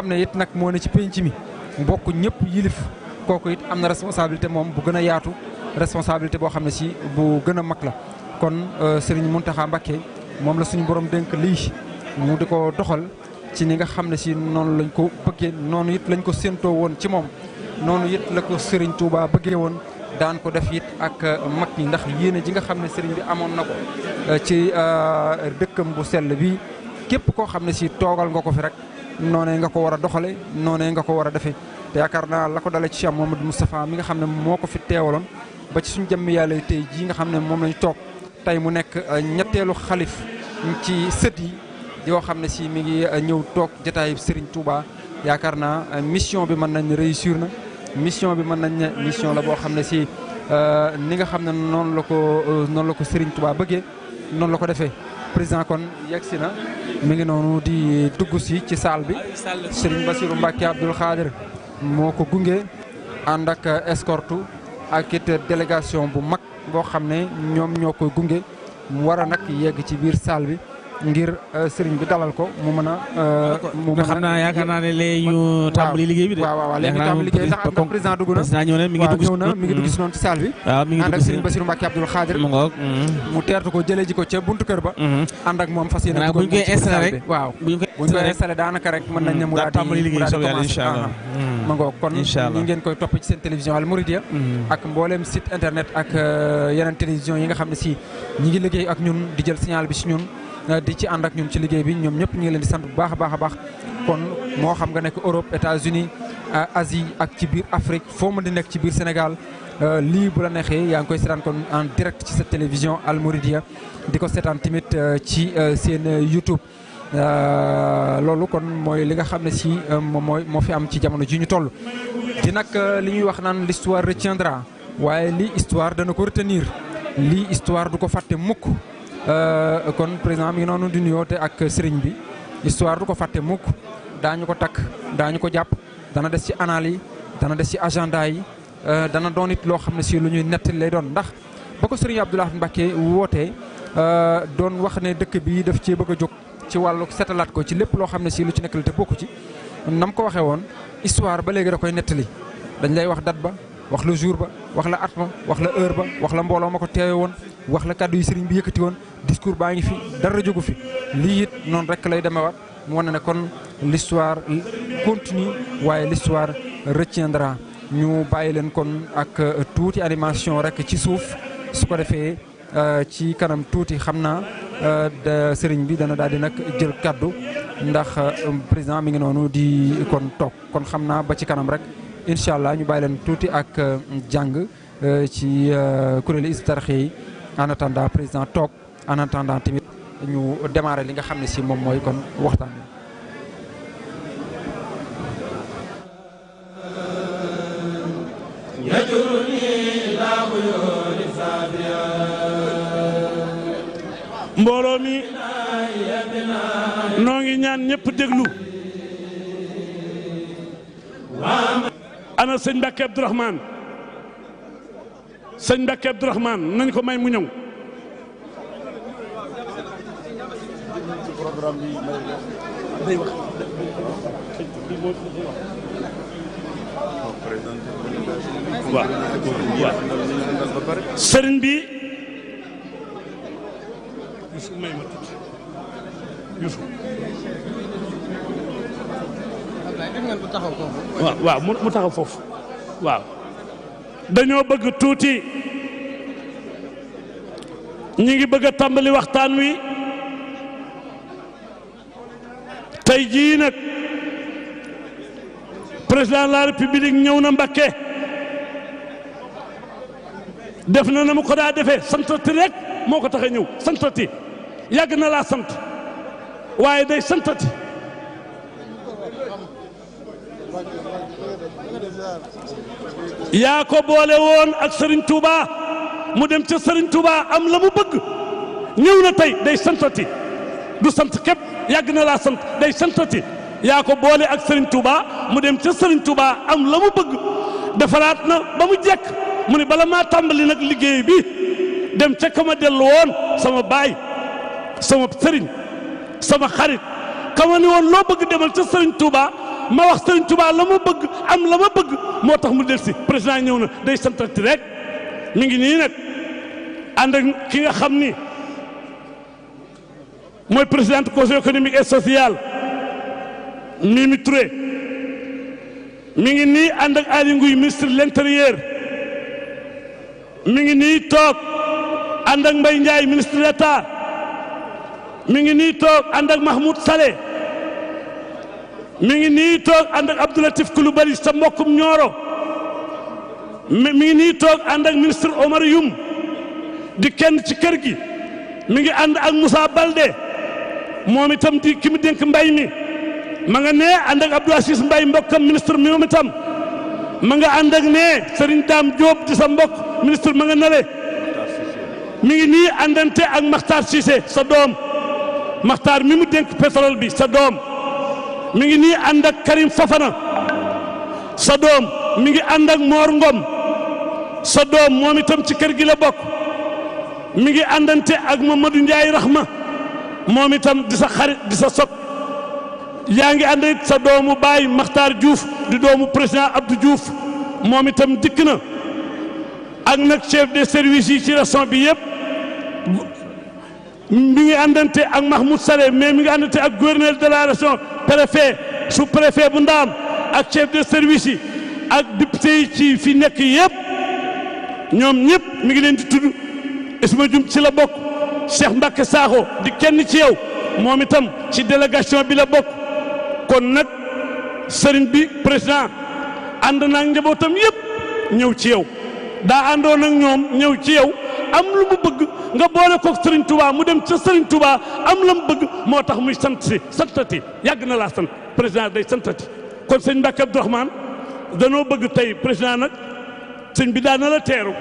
xam ne it nag moo ne ci penc mi mbokk ñëpp yilif kooku it am na responsabilité moom bu gën a yaatu responsabilité boo xam ne si bu gën a mag la kon euh, Serigne Mountakha Mbacké moom la suñu borom dénk lii mu di ko doxal ci ni nga xam ne si noonu lañ ko bëggee noonu it lañ ko séentoo woon ci moom noonu it la ko Serigne Touba bëggee woon daan ko def it ak euh, mag ñi ndax yéene ji nga xam ne Serigne bi amoon na ko euh, ci dëkkam bu sell bi képp koo xam ne si toogal nga ko fi rek. noonee nga ko war a doxale noonee nga ko war a defee yaakaar naa la ko dale ci Cheikh Mouhamadou Moustapha mi nga xam ne moo ko fi teewaloon ba ci suñu jëmmi yàlla tey jii nga xam ne moom lañu toog tey mu nekk euh, ñetteelu xalif ci sët yi yoo xam ne si mi ngi euh, ñëw toog jataayub Serigne Touba yaakaar naa euh, mission bi mën nañ réussir na mission bi mën nañ ne mission la boo xam ne si ni nga xam ne noonu la ko noonu la ko Serigne Touba bëggee noonu la ko defee président kon yegg si na mu ngi noonu di dugg si ci saal bi Serigne Bassirou Mbacké Abdoul Khadir moo ko gunge ànd ak escorte ak it délégation bu mag boo xam ne ñoom ñoo ko gunge mu war a nag yegg ci biir salle bi. ngir euh, sëriñ bi dalal ko mu mën a. Euh, mu xam naa yaakaar naa ne léegi ñu tàmbali liggéey bi de. waaw waaw léegi ñu sax ndax président dugg na. président ñëw na mhm. ko jëlee ji buntu kër ba. Mhm. ànd moom fas yéene. waaw bu ñu waaw bu ñu koy daanaka rek mën nañ ne mhm, mu daal di tàmbali liggéey soog yàlla incha topp ci seen télévision Al Mouridiyyah ak mbooleem site ak euh, yeneen télévision yi nga xam ne si ñi ngi liggéey ak ñun di jël signal bi si ñun Eh, di ci ànd ak ñun ci liggéey bi ñoom ñëpp ñu ngi leen di sant bu baax a baax kon mo xam nga nek Europe États-Unis eh, Asie ak ci biir Afrique fo mo di nek ci biir Sénégal eh, li bu la nexé yaa ngi koy sétane kon en direct ci sa télévision Al mouridia diko sétane timit ci sen YouTube. lolu kon moy li nga xamné ci si moom mooy fi am ci jamono ji ñu toll di nak li ñuy wax nan l'histoire retiendra waye li histoire na ko retenir li histoire du ko fàtte mukk Euh, kon président mi ngi noonu di nuyoo te ak sëriñ bi histoire du ko fàtte mukk daañu ko takk daañu ko jàpp dana des ci anal yi dana des ci agenda yi euh, dana doon it loo xam ne si lu ñuy nettali lay doon ndax ba ko sëriñ Abdou Lahad Mbacké wootee euh, doon wax ne dëkk bii def cee bëgg a jóg ci wàllu setalaat ko ci lépp loo xam ne si lu ci nekk la te bokku ci nam ko waxee woon histoire ba léegi da koy nettali dañ lay wax dat ba wax la jour ba wax la at ma wax la heure ba wax la mbooloo ma ko teewe woon wax la kàddu yi sëriñ bi yëkkati woon discours baa ngi fi dara jógu fi lii it noonu rek lay demewaat mu wane ne kon l'histoire continue waaye l'histoire retiendra ñu bàyyi leen kon ak euh, tuuti animation rek ci suuf su ko defee euh, ci kanam tuuti xam naa euh, sëriñ bi dana daal di nag jël kàddu ndax président mi ngi noonu di kon toog kon xam naa ba ci kanam rek incha allah ñu bàyyi leen tuuti ak euh, jàng euh, ci euh, kuréelu Hizbut Tarqiyyah yi en attendant président toog en attendant tamit ñu démarrer li nga xam ne si moom mooy kon waxtaan bi mbooloo mi noo ngi ñaan ñëpp déglu ana sëñ Mbàkke Abdourahmane sëñ Mbàkke Abdourahmane nañ ko may mu ñëw waaw waaw sëriñ bi Yuusu may ma tuuti Yuusu waaw waaw mu taxaw foofu waaw dañoo bëgg tuuti ñi ngi bëgg a tàmbali waxtaan wi tey jii nag président de la république ñëw na Mbakke def na na mu ko daa defee santati rek moo ko tax a ñëw santati yàgg na laa sant waaye day santati ya ko bole won ak Serigne Touba mu dem ca Serigne Touba am la mu bëgg ñew na tey day santati du sant kep yag na la sant day santati ya ko bole ak Serigne Touba mu dem ca Serigne Touba am la mu bëgg defalat na ba mu jek mu ni bala ma tambali nag liggey bi dem ca kama del won sama bay sama serigne sama xarit kama ni won lo bëgg demal ca Serigne Touba. ma wax sëriñ Tuubaa la ma bëgg am la ma bëgg moo tax mu delsi président ñëw na day santati rek mi ngi nii nag ànd ak ki nga xam ni mooy présidente conseil économique et social Mimi Touré mi ngi nii ànd ak Aly Ngouille ministre de l'intérieur mi ngi nii toog ànd mbay Mbaye Ndiaye ministre d'État mi ngi nii toog ànd ak Mahmoud Saleh mi ngi nii toog ànd ak Abdoulatif Coulibaly sa mbokkum ñooro mi ngi nii toog ànd ak ministre Omar Youm di kenn ci kër gi mi ngi ànd ak Moussa Balde moom tam di ki mu dénk mbay mi ma nga nee ànd ak Abdou mbay Mbay mbokkam ministre mi moom itam ma nga ànd ak nee Serigne Dame Diop di sa mbokk ministre ma nga nale mi ngi nii àndante ak Makhtar Cissé sa doom Makhtar mi mu dénk pétrole bi sa doom mi ngi nii ànd ak Karim Fofana sa doom mi ngi ànd ak Mor Ngom sa doom moom itam ci kër gi la bokk mi ngi àndante ak Mamadou rax ma moom itam di sa xarit di sa sop yaa ngi ànd sa doomu baay Makhtar Diouf di doomu président Abdou Diouf moom itam dikk na ak nag chef de service yi ci région bi yëpp. mi ngi àndante ak Mahmoud Saleh mais mi ngi àndante ak gouverneur de la région préfet sous préfet bu ndaam ak chef de service yi ak député yi ci fi nekk yëpp ñoom ñëpp mi ngi leen di tudd Isma Jum ci la bokk Cheikh Mbacke Sakho di kenn ci yow moom itam ci délégation bi la bokk kon nag sëriñ bi président ànd naa njabootam yëpp ñëw ci yow daa àndoon ak ñoom ñëw ci yow. am lu mu bëgg nga boole koog sëriñ Touba mu dem ca Serigne am la mu bëgg moo tax muy sant si santati yàgg na laa sant président day santati kon sëñ Mbacke Abdourahmane danoo bëgg tey président nag sëñ bi daan na la teeru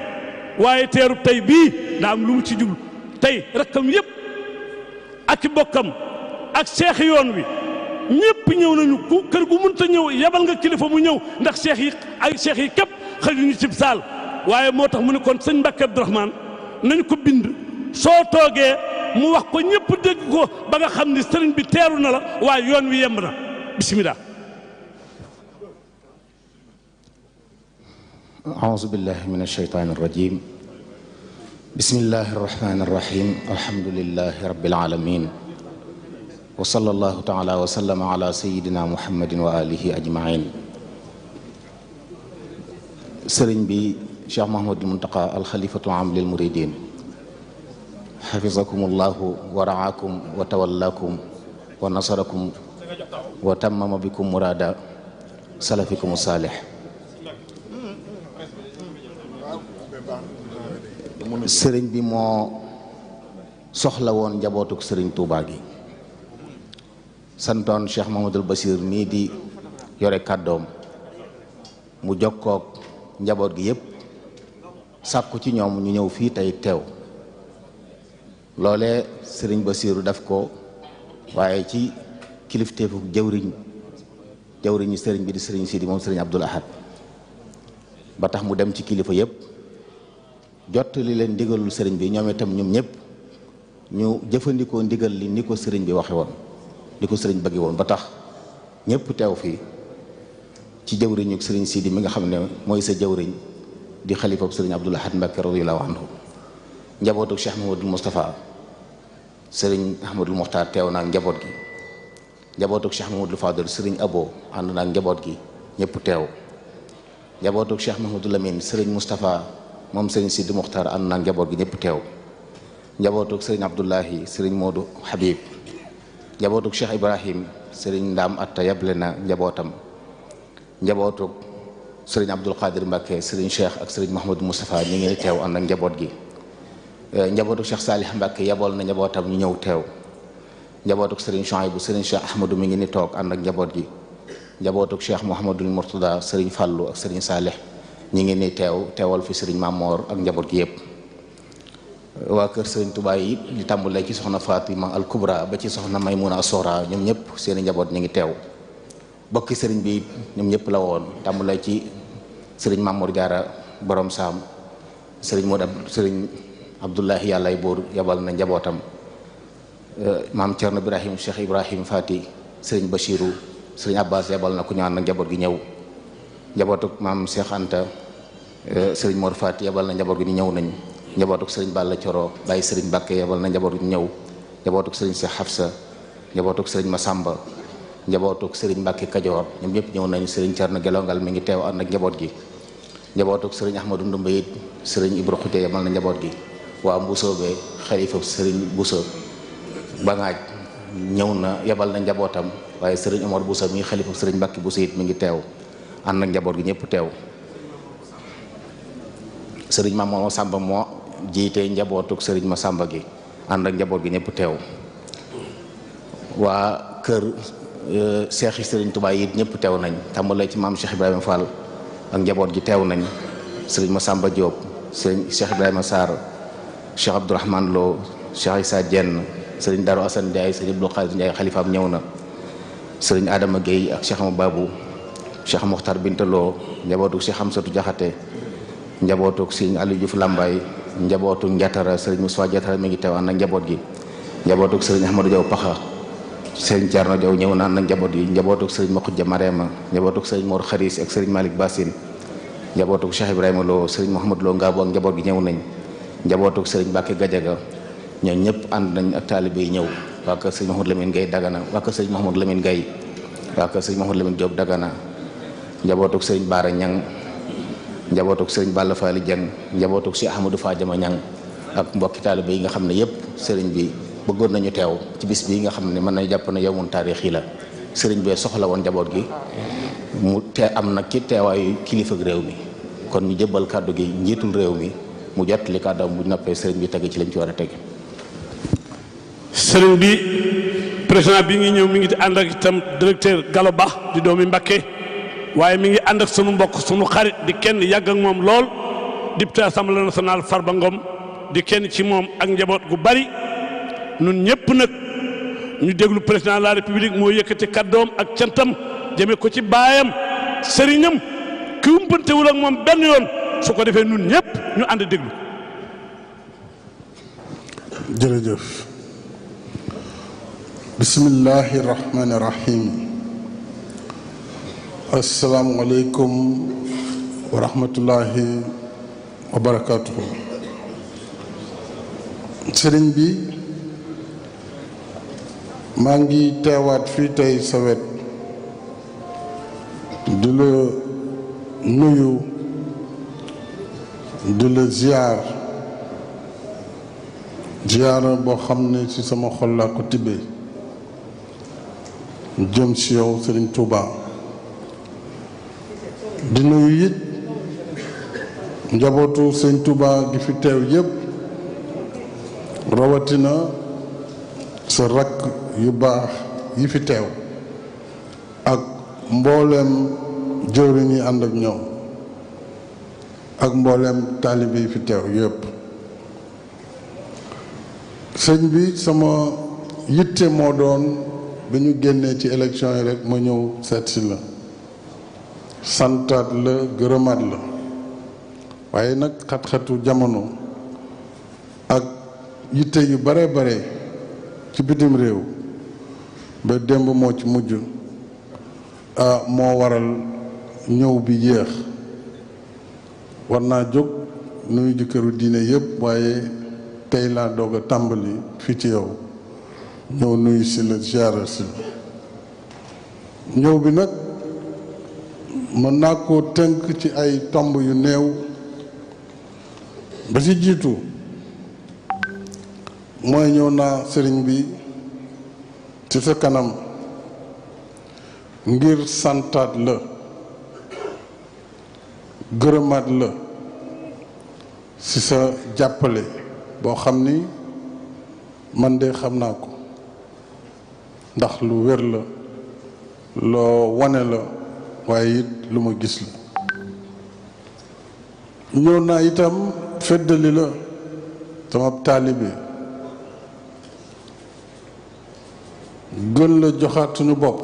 waaye teeru tey bii daa am lu mu ci jublu tey rakkam yëpp ak i bokkam ak seex yoon wi ñëpp ñëw nañu ku kër gu mënta ñëw yabal nga kilifa mu ñëw ndax seex yi ay seex yi képp xëy ñu cib saal waaye moo tax mu ne kon sëñ Mbacke Abdourahmane nañ ko bind soo toogee mu wax ko ñëpp dégg ko ba nga xam ni sëriñ bi teeru na la waaye yoon wi yemb na bisimilah أعوذ بالله من الشيطان الرجيم بسم الله الرحمن الرحيم الحمد لله رب العالمين وصلى الله تعالى وسلم على سيدنا محمد وآله أجمعين سرين بي شيخ محمود المنتقى الخليفة العام للمريدين حفظكم الله ورعاكم وتولاكم ونصركم وتمم بكم مراد سلفكم الصالح سرين بما soxlawon jabotuk serigne touba gi santone cheikh mahamoud al basir mi di yore kaddom mu sàkku ci ñoom ñu ñëw fii tey teew loole sëriñ ba Basiiru def ko waaye ci kilifteefu jëwriñ jëwriñu sëriñ bi di sëriñ Sidi moom sëriñ Abdul Ahad ba tax mu dem ci kilifa yëpp jot li leen ndigalul sëriñ bi ñoom itam ñoom ñëpp ñu jëfandikoo ndigal li ni ko sëriñ bi waxe woon ni ko sëriñ bëgge woon ba tax ñëpp teew fii ci jëwriñu sëriñ Sidi mi nga xam ne mooy sa jëwriñ di khalifa bu sëriñ Abdou Lahad Mbacké radiyallahu anhu njabootu Cheikh Mahamadul mustafa serigne ahmadou Moxtaar teew na ak njaboot gi njabootu Cheikh Mahamadul fadel serigne Abo ànd na ak gi ñëpp teew njabootu Cheikh Mahamadul Lamine serigne mustafa mom serigne sidou Moxtaar ànd na ak gi ñëpp teew njabootu serigne Abdullahi serigne Modou Habib njabootu Cheikh Ibrahim serigne ndam attayab lena njabotam njabotou sëriñ Abdul Qadir Mbacke sëriñ Cheikh ak sëriñ Mouhamadou Moustapha ñu ngi teew ànd ak njaboot gi euh, njabootu Cheikh Salih Mbacke yabool na njabootam ñu ñëw teew njabootuk sëriñ bu sëriñ Cheikh Ahmadou mi ngi ni toog ànd ak njaboot gi njabootuk Cheikh Mouhamadul Mourtada sëriñ Fallou ak sëriñ Salih ñu ngi ni teew teewal fi sëriñ Mamor ak njaboot gi yëpp euh, waa kër sëriñ Touba yi di tàmbalee ci soxna Fatima al Kubra ba ci soxna Maymuna Sora ñoom ñëpp seen i njaboot ñu ngi teew bokki sëriñ bi ñoom ñëpp la sëriñ Mamour Diarra borom saam sëriñ Modou ab sëriñ Abdoulahi yàllaay buur yabal na njabootam eh, maam Thierno Ibrahim Cheikh Ibrahim Fati sëriñ Bachirou sëriñ Abbas yabal na ku ñaan na njaboot gi ñëw njabootuk maam Cheikh eh, sëriñ Mor Fati yabal na njaboot gi ñu ñëw nañ njabootuk sëriñ Balla Coro bàyyi sëriñ Bakke yabal na njaboot gi ñëw njabootuk sëriñ Cheikh Hafsa njabootuk sëriñ Masamba njabootuk sëriñ Mbacke Kajoor ñoom ñëpp ñëw nañ sëriñ Thierno Gelongal mi ngi teew ànd njaboot gi njabootuk sëriñ Ahmadou Ndumbe it sëriñ Ibra Xute na njaboot gi waa Mbuso bee xalifa sëriñ Buso bangaaj ñëw na yebal na njabootam waaye sëriñ Omar Buso mi xalifa sëriñ mbakki Buso it mu ngi teew ànd ak njaboot gi ñëpp teew sëriñ Maam Mor Sàmba jiite njabootuk sëriñ ma Sàmba gi ànd njaboot gi ñëpp teew waa kër eh, seexi sëriñ Tuubaa it ñëpp teew nañ tàmbalee ci maam Cheikh Ibrahima Fall ak njaboot gi teew nañ sëriñ ma Massamba Diop sëriñ Cheikh Ibrahima Sarr Cheikh Abdourahmane Lo Cheikh Issa Dieng sëriñ Darou Assane Ndiaye sëriñ Abdou Khadir Ndiaye xalifaam ñëw na sëriñ Adama Guèye ak Cheikh Mababou Cheikh Mokhtar Bintaloo njabootu Cheikh Hamsatou Diakhaté njabootu sëriñ Aliou Diouf Lambaye njabootu Ndiatara sëriñ Moussa Diatara mi ngi teew ànd ak njaboot gi njabootu sëriñ Ahmadou Diaw Paxa sëriñ Thierno Diaw ñëw naan na njaboot yi njabootug sëriñ Makhoudia Marema njabootug sëriñ Mor Xaris ak sëriñ Malick Bassine njabootug Cheikh Ibrahima Lo sëriñ Mouhamadou Lo Ngabou ak njaboot gi ñëw nañ njabootug sëriñ Mbacke Gadiaga ñoom ñëpp ànd nañ ak taalibe yi ñëw waa kër sëriñ Mouhamadou Lamine Gaye Dagana waa kër sëriñ Mouhamadou Lamine Gaye waa kër sëriñ Mouhamadou Lamine Diop Dagana njabootug sëriñ Baara Ñang njabootug sëriñ Balla Fally Dieng njabootug Cheikh Ahmadou ak mbokki yi nga xam ne yëpp sëriñ bi bëggoon nañu tew ci bis bi nga xamne man mën japp na ne yow yi la sëriñ bee soxla won gi mu te am na ci kilifa réew mi kon ñu jëbbal kaddu gi njiitul réew mi mu jottali kàddaam bu noppee sëriñ bi teg ci lañ ci wara a teg sëriñ bi président bi ngi ñëw mi ngi and ak tam directeur di doomi Mbacké waye mi ngi and ak sunu mbokk sunu xarit di kenn yag ak mom lool député assemblée nationale Farba di kenn ci mom ak njabot gu bari nun ñëpp nag ñu déglu président la république moo yëkkati kàddoom ak cantam jëme ko ci baayam sëriñam ki wumpantewul moom benn yoon soo ko defee nun ñëpp ñu ànd déglu jërëjëf bismillahi rahmani rahim asalaamualeykum wa rahmatullahi wa sëriñ bi maa ngi teewaat fii tey sa wet di la nuyu di la ziar ziara boo xam ne ci sama xol laa ko tibbee jëm ci yow Sëriñ Tuuba di nuyu it njabootu Sëriñ Tuuba gi fi teew yépp rawatina sa rakk yu baax yi fi teew ak mbooleem jëwriñ yi ànd ak ñoom ak mbooleem taalibe yi fi teew yépp sëñ bi sama yitte moo doon bi ñu génnee ci élection yi rekk ma ñëw seet si la santaat la gërëmaat la waaye nag xat-xatu jamono ak yitte yu bare bare ci bitim réew ba démb moo ci mujj moo waral ñëw bi yéex war naa jóg nuy ji këru diine yëpp waaye tey laa doog tàmbali fii ci yow ñëw nuyu si la si ñëw bi nag mën naa koo tënk ci ay tomb yu néew ba ci jiitu mooy ñëw naa sëriñ bi ci sa kanam ngir santaat la gërëmaat la ci sa jàppale boo xam ni man de xam naa ko ndax lu wér la loo wane la waaye it lu ma gis la ñëw naa itam feddali la sama taalibe gën la joxaat suñu bopp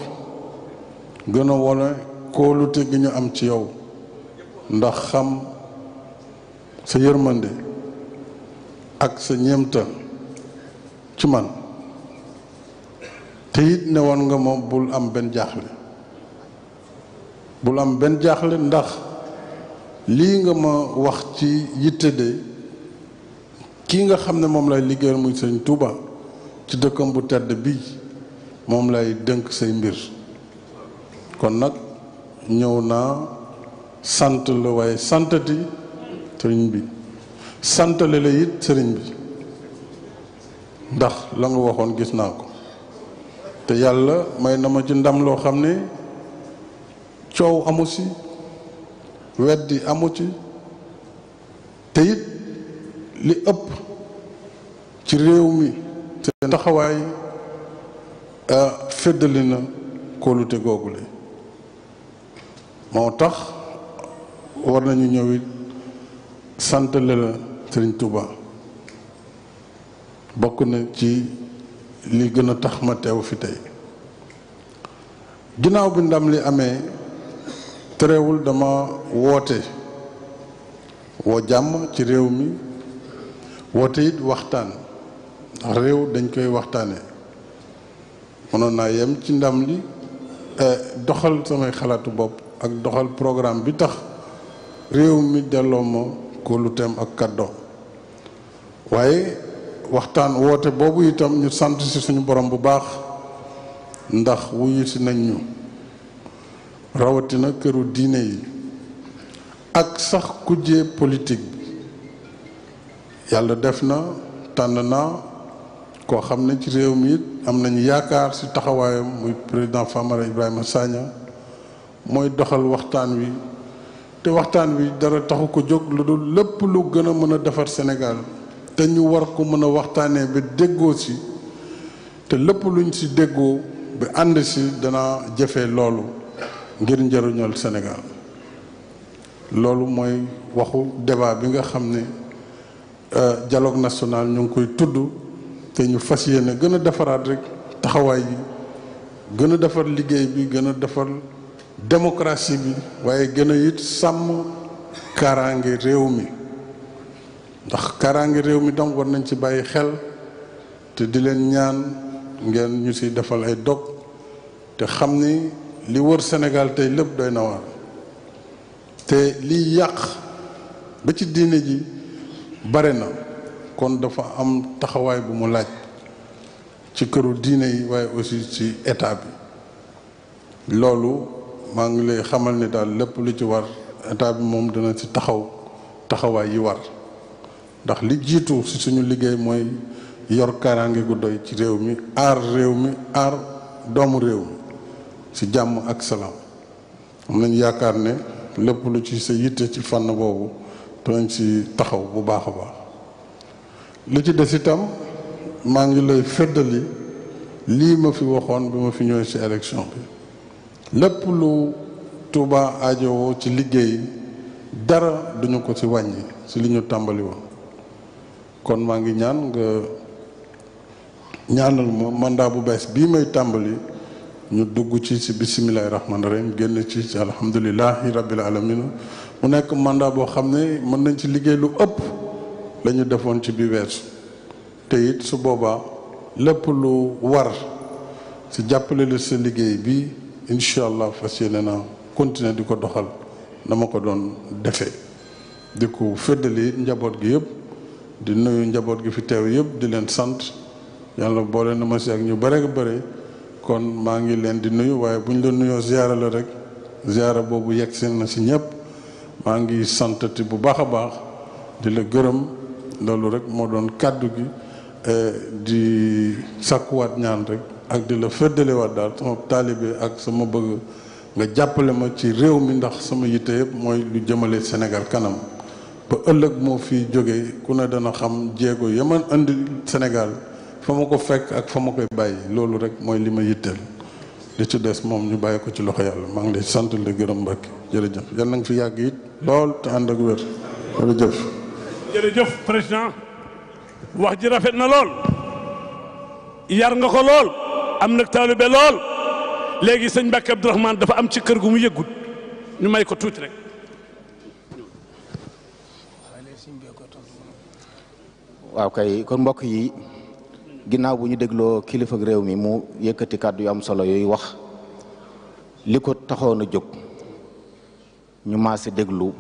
gën a wone kóolute gi ñu am ci yow ndax xam sa yërmande ak sa ñeemtal ci man te it ne woon nga moom bul am benn jaaxle bul am benn jaaxle ndax lii nga ma wax ci yitte de kii nga xam ne moom lay liggéeyal muy sëñ Tuuba ci dëkkam bu tedd bii moom lay dënk say mbir kon nag ñëw naa sant la waaye santati sëriñ bi santale la sëriñ bi ndax la waxoon gis naa ko te yàlla may na ma ci ndam loo xam ne coow amu si weddi amu ci te li ëpp ci réew mi seen taxawaay feddali na kóolute googule moo tax war nañu ñëwit santale la sëriñ Tuuba bokk na ci li gën a tax ma teew fi tey ginnaaw bi ndam li amee terewul dama woote woo jàmm ci réew mi woote it waxtaan réew dañ koy waxtaane mënoon naa yem ci ndam li eh, doxal samay xalaatu bopp ak doxal programme bi tax réew mi delloo ma kóoluteem ak kàddoo waaye waxtaan woote boobu itam ñu sant si suñu borom bu baax ndax wuyu nañ ñu rawatina këru diine yi ak sax kujjee politik bi yàlla def na tànn na koo xam ne ci réew mi it am nañu yaakaar si taxawaayam muy président Famara Ibrahima Sagna mooy doxal waxtaan wi te waxtaan wi dara taxu ko jóg lu dul lépp lu gën a mën a defar Sénégal te ñu war ko mën a waxtaanee ba déggoo si te lépp luñ si déggoo bi ànd si danaa jëfe loolu ngir njëriñal Sénégal loolu mooy waxu débat bi nga xam ne euh, dialogue national ñu ngi koy tudd te ñu fas yéene gën a defaraat rek taxawaay bi gën a defar liggéey bi gën a defar démocratie bi waaye gën a it sàmm kaaraange réew mi ndax kaaraange réew mi donc war nañ ci bàyyi xel te di leen ñaan ngeen ñu ci defal ay dog te xam ni li wër senegal tey lépp doy na waar te liy yàq ba ci diine ji bare na kon dafa am taxawaay bu mu laaj ci këru diine yi waaye aussi ci état bi loolu maa ngi lay xamal ni daal lépp lu ci war état bi moom dina ci taxaw taxawaay yi war ndax li jiitu ci suñu liggéey mooy yor kaaraange gu doy ci réew mi aar réew mi aar doomu réew mi ci jàmm ak salaam am nañ yaakaar ne lépp lu ci sa yitte ci fànn boobu dinañ ci taxaw bu baax a baax li ci mangi itam lay fedeli, lii ma fi waxoon bi fi ñëwee ci election bi lépp lu Touba aajowoo ci liggéey dara duñu ko ci wàññi ci li ñu woon kon mangi ngi ñaan nga ñaanal ma mandat bu bees bii may tàmbali ñu dugg ci ci bisimilahi rahmaani rahim ci ci rabbil alamina mu nekk mandat boo xam mën nañ ci lu ëpp lañu defoon ci bi weesu te it su boobaa lépp lu war si jàppale la sa liggéey bi incha allah fas yéene naa continuer di ko doxal dama ko doon defee di ko fëddali njaboot gi yëpp di nuyu njaboot gi fi teew yëpp di leen sant yàlla boole na ma si ak ñu bare bare kon maa ngi leen di nuyu waaye bu ñu la nuyoo ziyaara la rek ziyaara boobu yegg seen na si ñëpp maa ngi santati bu baax a baax di la gërëm loolu rek moo doon kàddu gi eh, di sàkkuwaat ñaan rek ak di la feddalewaat daal sama taalibe ak sama bëgg nga jàppale ma ci réew mi ndax sama yitte yëpp mooy lu jëmalee Sénégal kanam ba ëllëg moo fi jógee ku ne dana xam jéego ya indi Sénégal fa ma ko fekk ak fa ma koy bàyyi loolu rek mooy li ma yitteel li ci des moom ñu bàyyi ko ci loxo yàlla maa ngi lay sant la gërëm Mbàkke jërëjëf yal na nga fi yàgg it lool te ànd ak wér jërëjëf jërëjëf président wax ji rafet na lool yar nga ko lool am nag taalibe lool léegi sëñ Mbàkke Abdourahmane dafa am ci kër gu mu yëgut ñu may ko tuuti rek waaw kay kon mbokk yi ginnaaw bu ñu dégloo kilifa réew mi mu yëkkati kàddu yu am solo yooyu wax li ko taxoon a jóg ñu maase déglu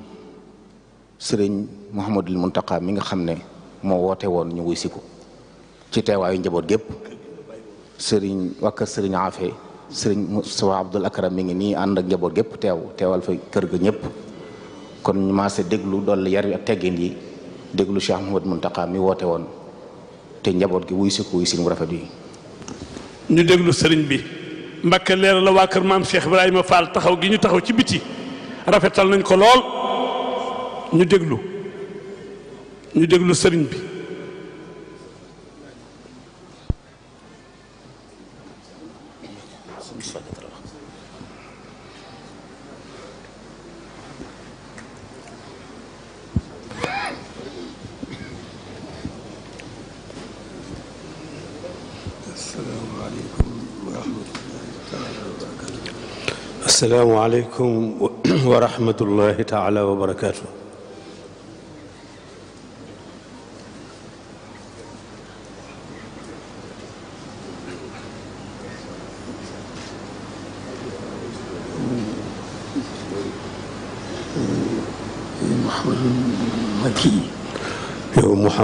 sëriñ Mouhamadul Mountakha mi nga xam ne moo woote woon ñu wuy siku ci teewaayu njaboot gépp sëriñ wakka sëriñ Afe sëriñ Moustapha Abdul Akram mi ngi nii ànd ak njaboot gépp teew teewal fa kër ga ñëpp kon ñu maase déglu dool yar wi ak teggin yi déglu Cheikh Mouhamadul Mountakha mi woote woon te njaboot gi wuy siku wuy rafet yi ñu déglu sëriñ bi Mbàkke leeral la waa kër maam Cheikh Ibrahima Fall taxaw gi ñu taxaw ci biti rafetal nañ ko lool ñu déglu ñu déglu sëriñ bi السلام عليكم ورحمة الله تعالى وبركاته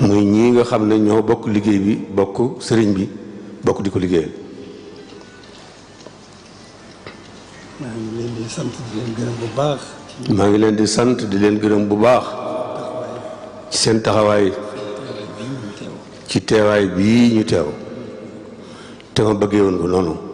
muy ñii nga xam ne ñoo bokk liggéey bi bokk sëriñ bi bokk di ko liggéeyal. maa ngi leen di sant di leen gërëm bu baax. bu baax. ci seen taxawaay. ci teewaay bii ñu teew. te ma bëggee woon ko noonu.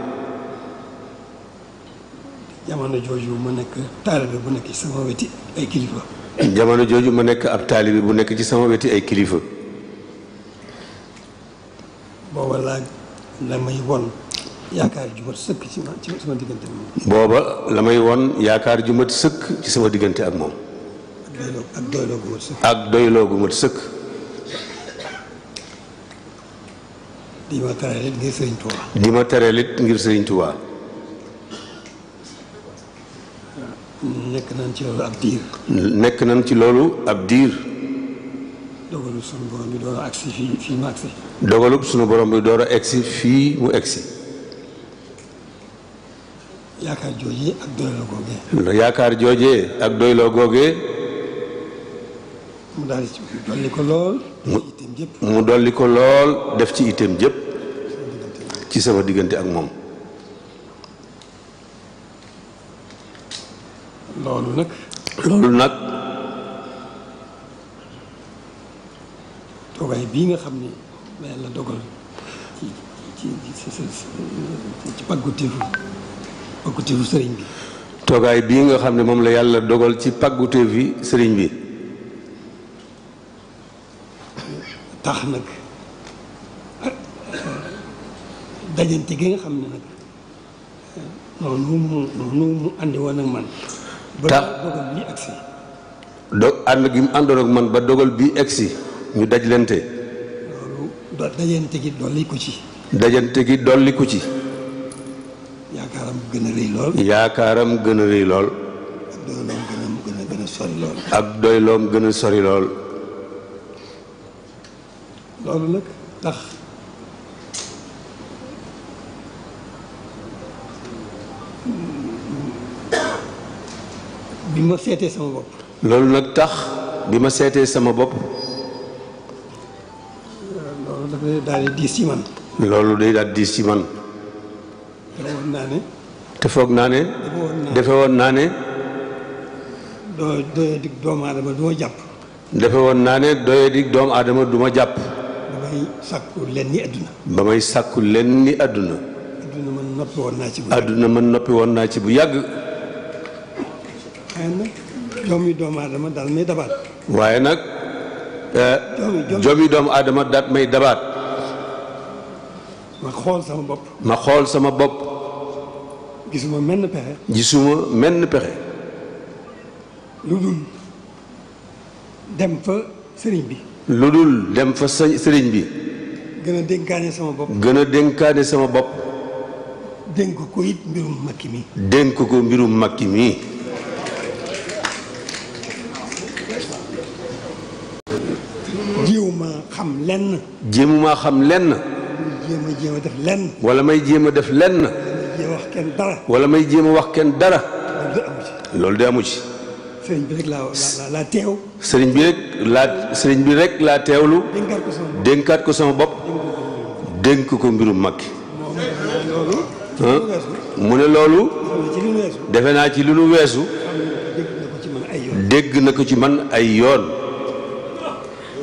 jamono jooju ma nekk taalibe bu nekk ci sama weti ay kilifa. jamono jooju ma nekk ab taalibe bu nekk ci sama weti ay kilifa. booba laa la may won yaakaar ju sëkk ci sama diggante ak moom. booba la won yaakaar ju mat ci sama diggante ak moom. ak doyloo gu mat sëkk. ak doyloo gu di ma tereel it ngir Serigne Touba. nekk nañ ci loolu ab diir. nekk nañ ci loolu ab diir. dogalub sunu borom bi door a agsi fii mu agsi. dogalub a yaakaar jooje ak doyloo googee. yaakaar jooje ak mu daal ko lool. mu dolli ko lool def ci itam jëpp. ci sama diggante ak moom. loolu nag. loolu nag. toogaay bii nga xam ni la yàlla dogal ci ci ci pàgguteefu sëriñ bi. toogaay bii nga xam ne moom la yàlla dogal ci pàgguteefi sëriñ bi. tax nag dajante gi nga xam ne nag noonu mu noonu mu àndi ak man. ba dogal bi dog ànd gi mu àndoon ak man ba dogal bi agsi ñu daj loolu dajante gi dolli ci dajante gi dolli ci yaakaaram gën a rëy lool yaakaaram gën a rëy lool ak doyloom gën a sori lool bima ma sama bop lolou nak tax bima ma seetee sama bopp. loolu dafay daal di ci man. lolou day dal di ci man. te foog naa ne. defe woon naa ne. doo doyee dig do aadama du ma jàpp. defe woon naa ne doyee dig do aadama du ma jàpp. ba may sàkku leen ni àdduna. ba may sàkku aduna ni man noppi won na ci bu aduna man noppi won na ci bu yàgg. waaye doom yi doomu aadama daal may dabaat. waaye nag. Eh, doom doomu aadama daal may dabaat. ma xool sama bopp. ma xool sama bopp. gisuma menn pexe. gisuma menn pexe. lu dul dem fa sëriñ bi. lu dul dem fa sëriñ bi. gën a dénkaane sama bopp. gën a dénkaane sama bopp. dénk ko it mbirum makki mii dénk ko mbirum makki mi. xam lenn. xam lenn. jéem wala may jéem a def lenn. wax wala may jéem a wax kenn dara. loolu de amu ci. sëriñ bi rek laa laa sëriñ bi rek laa sëriñ bi rek dénkaat ko sama bopp. dénk ko mbirum mag. mu ne loolu. defe naa ci lu nu weesu. dégg na ko ci man ay yoon.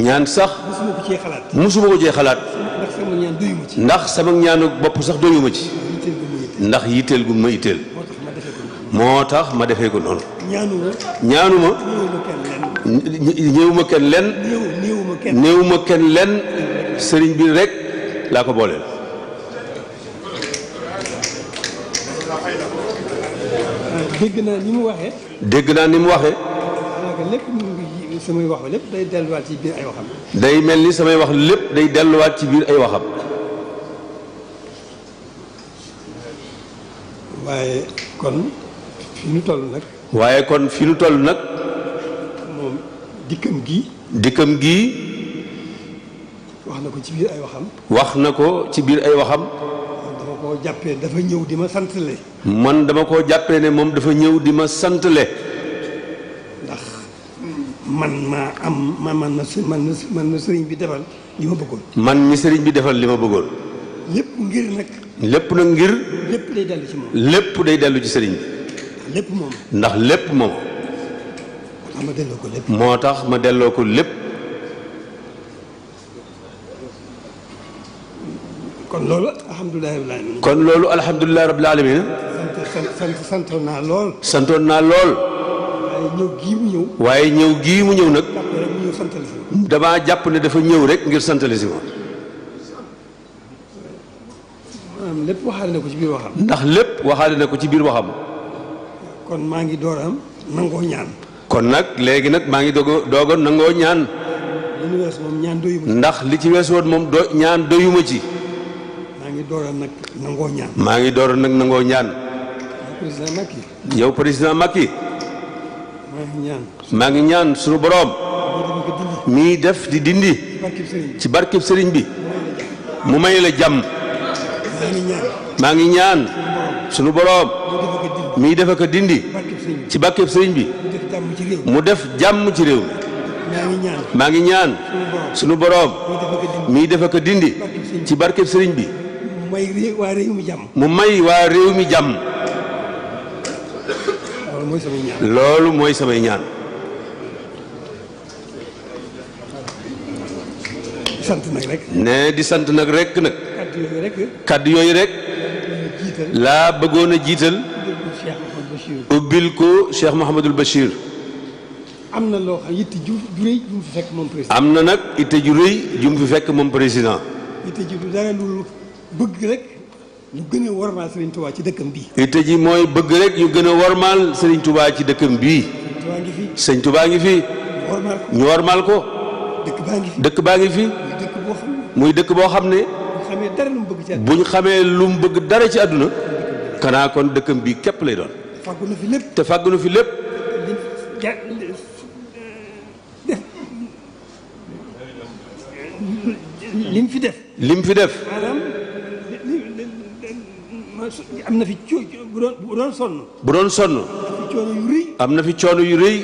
ñaan sax musuma ko cee xalaat ndax sama ci ndax sama ñaanu bopp sax doyuma ci ndax yitteel gu ma yitteel moo tax ma defee ko noonu ñaanu ma ñëwuma kenn lenn néewuma kenn lenn sëriñ bi rek laa ko booleel dégg naa mu waxee dégg naa ni mu samay wax lépp day delluwaat ci biir ay waxam. day mel ni samay wax lépp day delluwaat ci biir ay waxam. waaye kon fi nu toll nag. waaye kon fi nu toll nag. moom dikkam gii. dikkam gii. wax na ko ci biir ay waxam. wax na ko ci biir ay waxam. dama koo jàppee dafa ñëw di ma sant man dama koo jàppee ne moom dafa ñëw di ma sant man maa am man ma man man ma sëriñ bi defal li ma bëggoon. man mi sëriñ bi defal li ma bëggoon. lépp ngir nag. lépp nag ngir. lépp day dellu ci moom. lépp day sëriñ bi. ndax lépp moom. moo tax ma delloo ko lépp. moo tax ma delloo lépp. kon loolu alhamdulilah rabbil alamin. loolu alhamdulilah rabbil alamin. sant naa lool. santoon naa lool. waaye ñëw gii mu ñëw nag damaa jàpp ne dafa ñëw rek ngir santale si ma lépp waxaale na ko ci biir waxam. ndax lépp waxaale na ko ci biir waxam. kon maa ngi door am nangoo ñaan. kon nag léegi nag maa ngi dogo doogoon nangoo ñaan. ndax li ci moom do ñaan doyuma ci. maa ngi dooram nag nangoo ñaan. maa ngi door nag nangoo ñaan. yow président Macky. maa ngi ñaan suñu boroom mii def di dindi ci barkeb sëriñ bi mu may la maa ngi ñaan suñu boroom mii def ak dindi sëriñ bi mu def jàmm ci réew mi maa ngi ñaan suñu boroom mii def ak dindi ci barkeb sëriñ bi mu may waa réew mi jàmm loolu mooy samay ñaan. di rek. nee di sant nag rek nag. kaddu yooyu rek. yooyu rek. laa bëggoon a jiital. ubbil ko Cheikh Mouhamadul Bachir. am na loo xam ju am na nag itte ju rëy ju mu fi fekk moom président. ñu gën a warmaal Serigne Touba ci dëkkam bii. itte ji mooy bëgg rek ñu gën a warmaal Serigne Touba ci dëkkam bii. Sëñ Touba ngi fi. ñu warmaal ko. dëkk baa ngi fi dëkk baa ngi fi. muy dëkk boo xam ne. bu ñu xamee lu mu bëgg dara ci àdduna. kanaa kon dëkkam bii képp lay doon. fàggu na fi lépp te fàggu na fi def. lim fi def. am na fi bu doon bu doon sonn. bu doon sonn. am na fi coono yu rëy.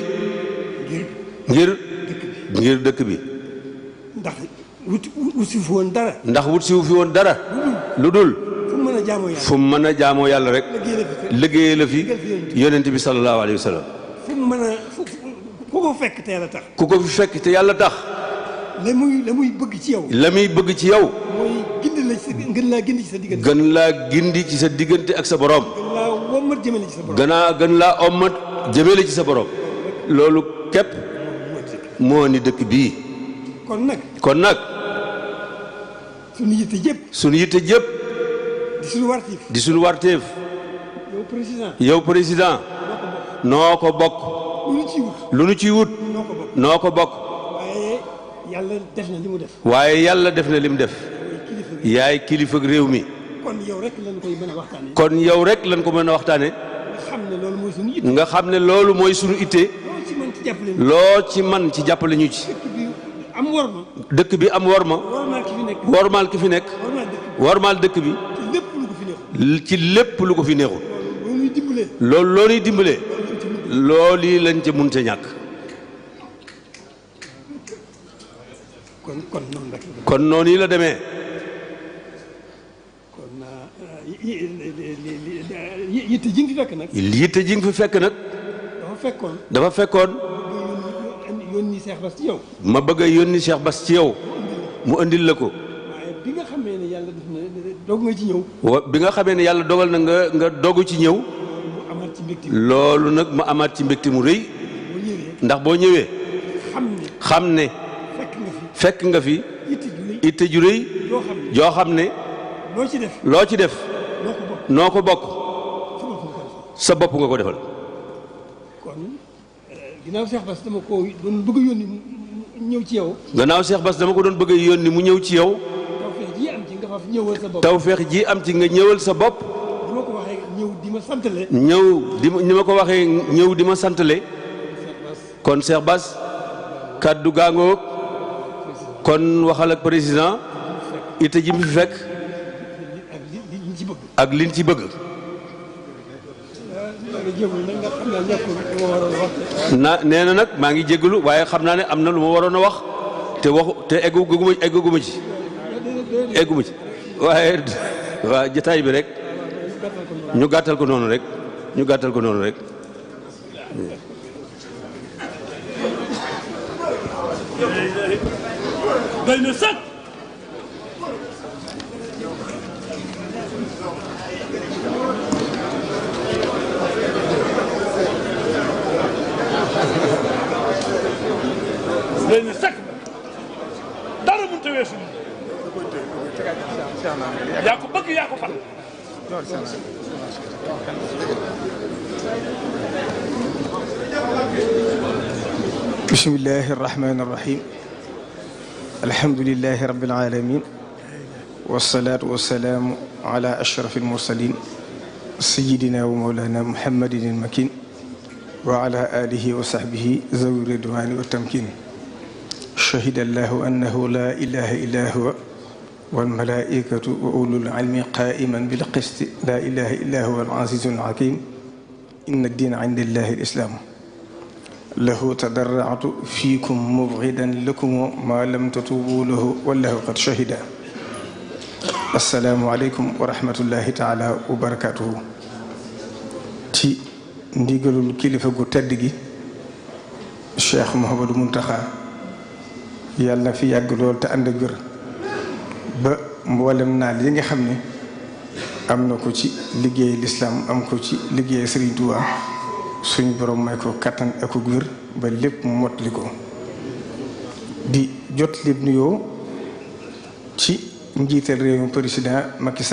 ngir ngir dëkk bi. ndax wut wut si fi woon dara. ndax wut si fi woon dara. lu dul. fu mu mën a jaamoo yàlla rek. liggéey la fi yonent bi sallallahu alayhi wa sallam. fu mu mën a ku ko fekk te yàlla tax. ku ko fi fekk te yàlla tax. la muy la muy bëgg ci yow. la muy bëgg ci yow. gën laa gindi ci sa diggante. gën laa ci sa diggante ak sa borom. gën laa wommat jëmale ci a gën laa ommat jëmale ci sa borom. loolu képp moo ni dëkk bii. kon nag kon nag. suñu yitte jëpp. suñu yitte jëpp. di suñu warteef. di yow président. yow président. noo ko bokk. lu nu ciy wut. noo ko bokk. waaye yàlla def na li waaye yàlla def li mu def. yaay kilifa réew mi. kon yow rek lañ koy mën a kon yow rek lañ ko mën a waxtaane nga xam ne loolu mooy suñu itte. nga xam ne loolu mooy suñu itte. ci man ci jàppale ñu ci. dëkk bi am worma. wormaal ki fi nekk. wormaal dëkk bi. ci lépp lu ko fi neexul. loolu loo ñuy dimbalee. loolu yi lañ ca mun ca ñàkk. kon noonu la demee. yitte ji fi fekk nag. yitte ji fi fekk nag. dafa fekkoon. dafa fekkoon. yónni yow. ma bëgg a yónni Cheikh Bass ci yow. mu indil la ko. waaye bi nga xamee ne yàlla ci ñëw. nga xamee ne yàlla dogal na nga nga dogu ci ñëw. loolu nag mu amaat ci mbégte mu rëy. ndax boo ñëwee. xam ne. fekk nga fi. itte ju rëy. joo xam ne. loo ci loo ci def. noo ko bokk sa bopp nga ko defal kon eh, ginnaaw Cheikh Bass dama ko doon bëgg a mu ñëw ci yow gannaaw Cheikh Bass dama ko doon bëgg a yónni mu ñëw ci yow tawfeex ji am ci nga fa ñëwal sa bopp tawfeex ji am ci nga ñëwal sa bopp ma ko waxee ñëw di ma santale ñëw di ni ma ko waxee ñëw di ma santale kon Cheikh Bass kaddu gaangoog kon waxal ak président ite fi fekk ak liñ ci bëgg na nee na nag maa ngi jégalu waaye xam naa ne am na lu ma waroon a wax te waxu te eggu guma eggu guma ci eggu ma ci waaye waa jotaay bi rek ñu gàttal ko noonu rek ñu gàttal ko noonu rek doy na sëkk بسم الله الرحمن الرحيم الحمد لله رب العالمين والصلاة والسلام على أشرف المرسلين سيدنا ومولانا محمد المكين وعلى آله وصحبه ذوي الدوان والتمكين شهد الله أنه لا إله إلا هو والملائكة وأولو العلم قائما بالقسط لا إله إلا هو العزيز العكيم إن الدين عند الله الإسلام له تضرعت فيكم مبغدا لكم ما لم تتوبوا له والله قد شهد السلام عليكم ورحمة الله تعالى وبركاته تي ndigalul الكلفة gu الشيخ محمد Cheikh yàlla na fi yàgg lool te ànd ak gër ba mboolem naal yi nga xam ne am na ko ci liggéey lislaam am ko ci liggéey Sëriñ Tuubaa suñ boroom may ko kattan ak ko gër ba lépp mu ko di jot li nuyoo ci njiital réew mi président Macky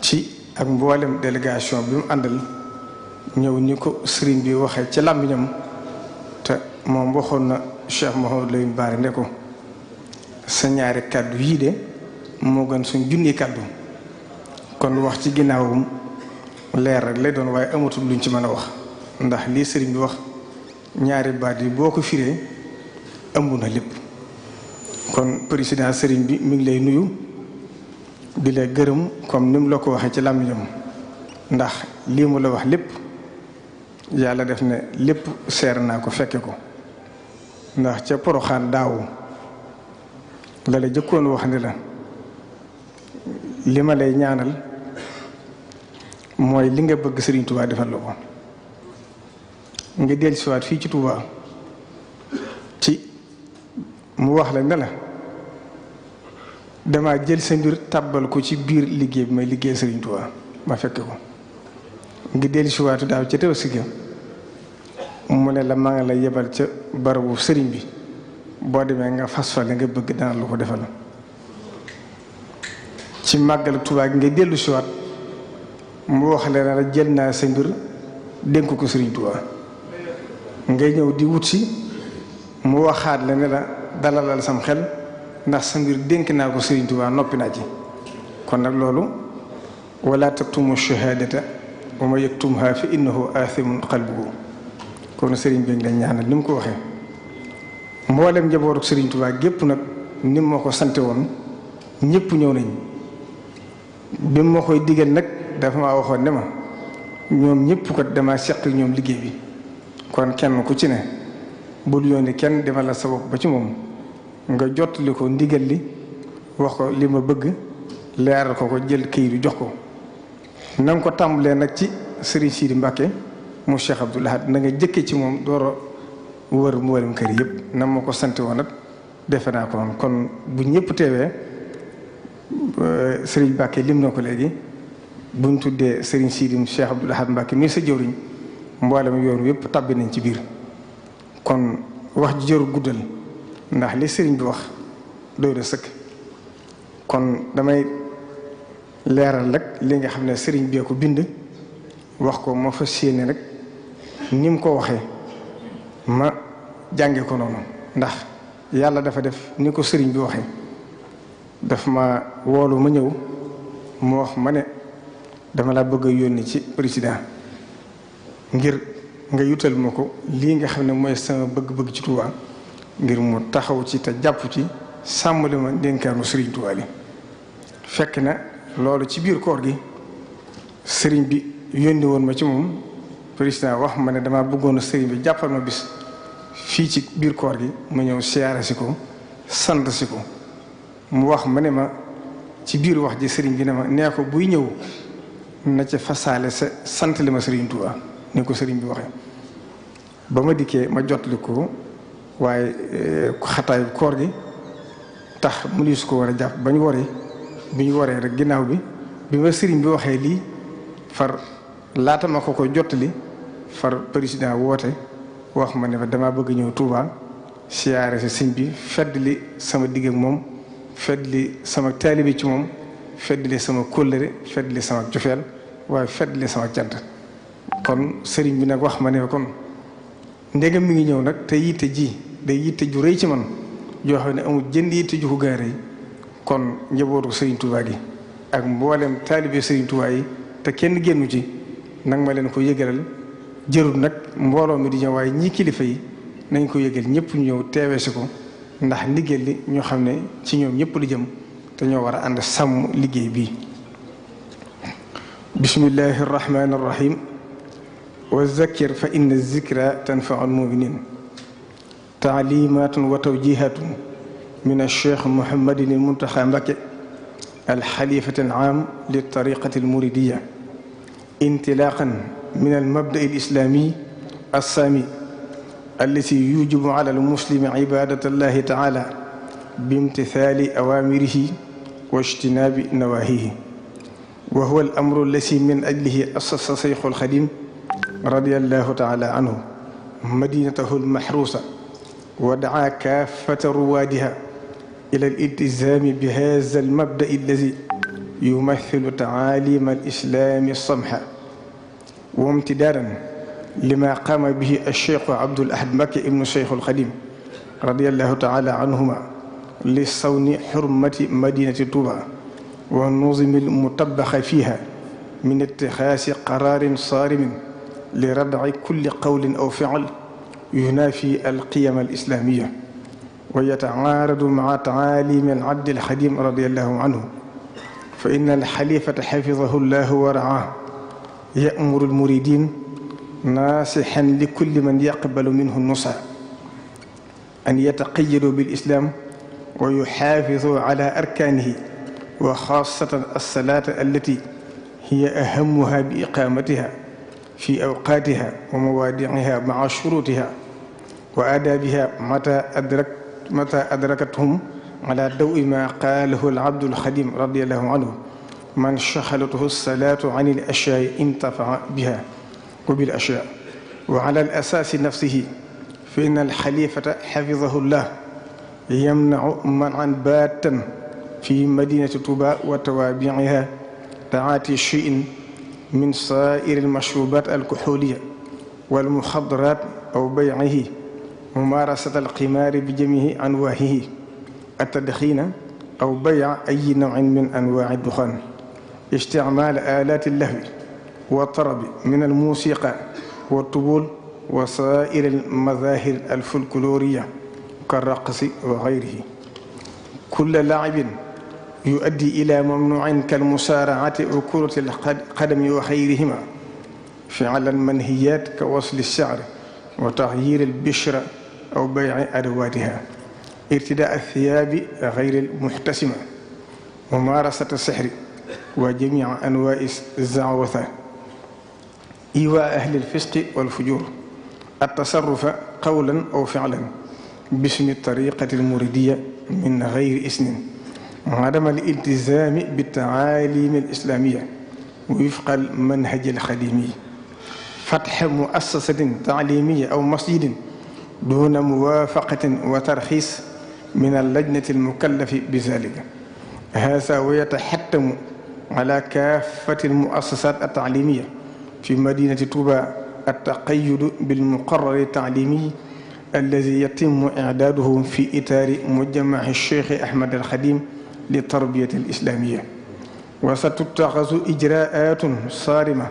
ci ak mboolem délégation bi mu àndal ñëw ni ko sëriñ bi waxee ci làmmiñam te moom waxoon na Cheikh Mouhamadou Lamine Bara ne ko sa ñaari kàddu yii de moo gën suñ junni kàddu kon lu wax ci ginnaawum leer rek lay doon waaye amatul luñ ci mën a wax ndax lii sëriñ bi wax ñaari baat yi boo ko firee ëmb na lépp kon président sëriñ bi mu ngi lay nuyu di la gërëm comme ni mu la ko waxee ci làmmiñam ndax lii mu la wax lépp yàlla def ne lépp seer naa ko fekke ko ndax ca poroxaan daaw la la jëkkoon wax ni la li ma lay ñaanal mooy li nga bëgg Sëriñ Tuubaa defal la ko nga dellu siwaat fii ci Tuubaa ci mu wax la ne la dama jël sa mbir tàbbal ko ci biir liggéey bi may liggéey Sëriñ Tuubaa ma fekke ko nga dellu siwaatu daaw ca Tabaski mune la ma nga lay yebal ci barabu sëriñ bi bo demé nga fasfal nga bëgg dana lu ko defal ci magal tuba nga dellu ci wat mu wax la ne la jël na sa ngir dénk ko sëriñ tuba nga ñëw di wut ci mu waxaat la ne la dalalal sam xel ndax sa ngir dénk na ko sëriñ tuba nopi na ci kon nak lolu wala taktumu shahadata وما يكتمها فإنه آثم قلبه kon sëriñ bi lañ ñaanal ni mu ko waxee mboolem njabootu sëriñ Tuubaa gépp nag ni moo ko sante woon ñëpp ñëw nañ bi ma koy digal nag dafa maa waxoon ne ma ñoom ñëpp ko dama seq ñoom liggéey bi kon kenn ku ci ne bul yónni kenn demal la sa bopp ba ci moom nga jottali ko ndigal li wax ko li ma bëgg leeral ko ko jël këyit jox ko na ko tàmbalee nag ci sëriñ Sidi Mbacke mu Cheikh Abdoul Ahad na nga jëkke ci moom door a wër mboolem kër yëpp na ma ko sant woon nag defe naa ko noonu kon bu ñëpp teewee Serigne Mbacke lim na ko léegi buñ tuddee Serigne Sidim Cheikh Abdoul Ahad Mbacke mii sa jëwriñ mboolem yoon yëpp tabbi nañ ci biir kon wax ji jëru guddal ndax li Serigne bi wax doy na sëkk kon damay leeral rek li nga xam ne Serigne bee ko bind wax ko moo fas yéene rek. ni mu ko waxe ma jànge ko noonu ndax yàlla dafa def ni ko sëriñ bi waxe daf ma woolu ma ñëw mu wax ma ne dama laa bëgg a yónni ci président ngir nga yutal ma ko lii nga xam ne mooy sama bëgg-bëgg ci Touba ngir mu taxaw ci te jàpp ci sàmmali ma ndénkaanu sëriñ Touba fekk na loolu ci biir koor gi sëriñ bi yónni woon ma ci moom président wax ma ne damaa bëggoon sëriñ bi jàppal ma bis fii ci biir koor gi ma ñëw siyaare si ko sant si ko mu wax ma ne ma ci biir wax ji sëriñ bi ne ma nee ko buy ñëw na ca fasaale sa sant li ma sëriñ Tuubaa ni ko sëriñ bi waxee ba ma dikkee ma jotli ko waaye eh, xataayu koor gi tax mu liis ko war a jàpp ba ñu waree bi ñu waree rek ginnaaw bi bi ma sëriñ bi waxee lii far laata ma ko ko jottali far président woote wax ma ne fa damaa bëgg ñëw Touba siyaare si sëñ bi feddli sama digg ak moom feddli sama taalibi ci moom feddli sama kóllëre feddli sama jofeel waaye feddli sama cant kon sëriñ bi nag wax ma ne fa kon ndegam mi ngi ñëw nag te yitte ji day yitte ju rëy ci man joo ne amul jënd yitte ju ko gaare yi kon njabootu sëriñ Touba gi ak mboolem taalibi sëriñ Touba yi te kenn génnu ci nang malen ko yëgalal jeerut nak mbolo mi di ñëw waaye ñii kilifa yi nañ ko yëgal ñëpp ñëw teewee ko ndax liggéey li ñu xamné ci ñom ñëpp li jëm te ñoo wara ànd sam liggéey bi بسم الله الرحمن الرحيم والذكر فإن inna تنفع المؤمنين تعليمات وتوجيهات من الشيخ محمد alcheikh mohammadin almuntaxa mbake alxalifati alaam انطلاقا من المبدأ الإسلامي السامي التي يوجب على المسلم عبادة الله تعالى بامتثال أوامره واجتناب نواهيه وهو الأمر الذي من أجله أسس شيخ الخديم رضي الله تعالى عنه مدينته المحروسة ودعا كافة روادها إلى الالتزام بهذا المبدأ الذي يمثل تعاليم الإسلام السمحة وامتدادا لما قام به الشيخ عبد الأحد مكي ابن الشيخ القديم رضي الله تعالى عنهما لصون حرمة مدينة طوبى والنظم المطبخ فيها من اتخاذ قرار صارم لردع كل قول أو فعل ينافي القيم الإسلامية ويتعارض مع تعاليم العبد الحديم رضي الله عنه فإن الحليفة حفظه الله ورعاه يأمر المريدين ناصحا لكل من يقبل منه النصح أن يتقيدوا بالإسلام ويحافظوا على أركانه وخاصة الصلاة التي هي أهمها بإقامتها في أوقاتها وموادعها مع شروطها وآدابها متى أدرك متى أدركتهم على ضوء ما قاله العبد الخديم رضي الله عنه من شخلته الصلاة عن الأشياء انتفع بها وبالأشياء وعلى الأساس نفسه فإن الخليفة حفظه الله يمنع منعا باتا في مدينة طباء وتوابعها تعاتي شيء من سائر المشروبات الكحولية والمخدرات أو بيعه ممارسة القمار بجميع أنواعه التدخين أو بيع أي نوع من أنواع الدخان استعمال آلات اللهو والطرب من الموسيقى والطبول وسائر المظاهر الفلكلورية كالرقص وغيره كل لعب يؤدي إلى ممنوع كالمسارعة وكرة القدم وغيرهما فعل المنهيات كوصل السعر وتغيير البشرة أو بيع أدواتها ارتداء الثياب غير المحتسمة ممارسة السحر وجميع أنواع الزعوثة إيواء أهل الفسق والفجور التصرف قولا أو فعلا باسم الطريقة المريدية من غير إسن عدم الالتزام بالتعاليم الإسلامية وفق المنهج الخديمي فتح مؤسسة تعليمية أو مسجد دون موافقة وترخيص من اللجنة المكلف بذلك هذا ويتحتم على كافة المؤسسات التعليمية في مدينة توبا التقيد بالمقرر التعليمي الذي يتم إعداده في إطار مجمع الشيخ أحمد الخديم للتربية الإسلامية وستتخذ إجراءات صارمة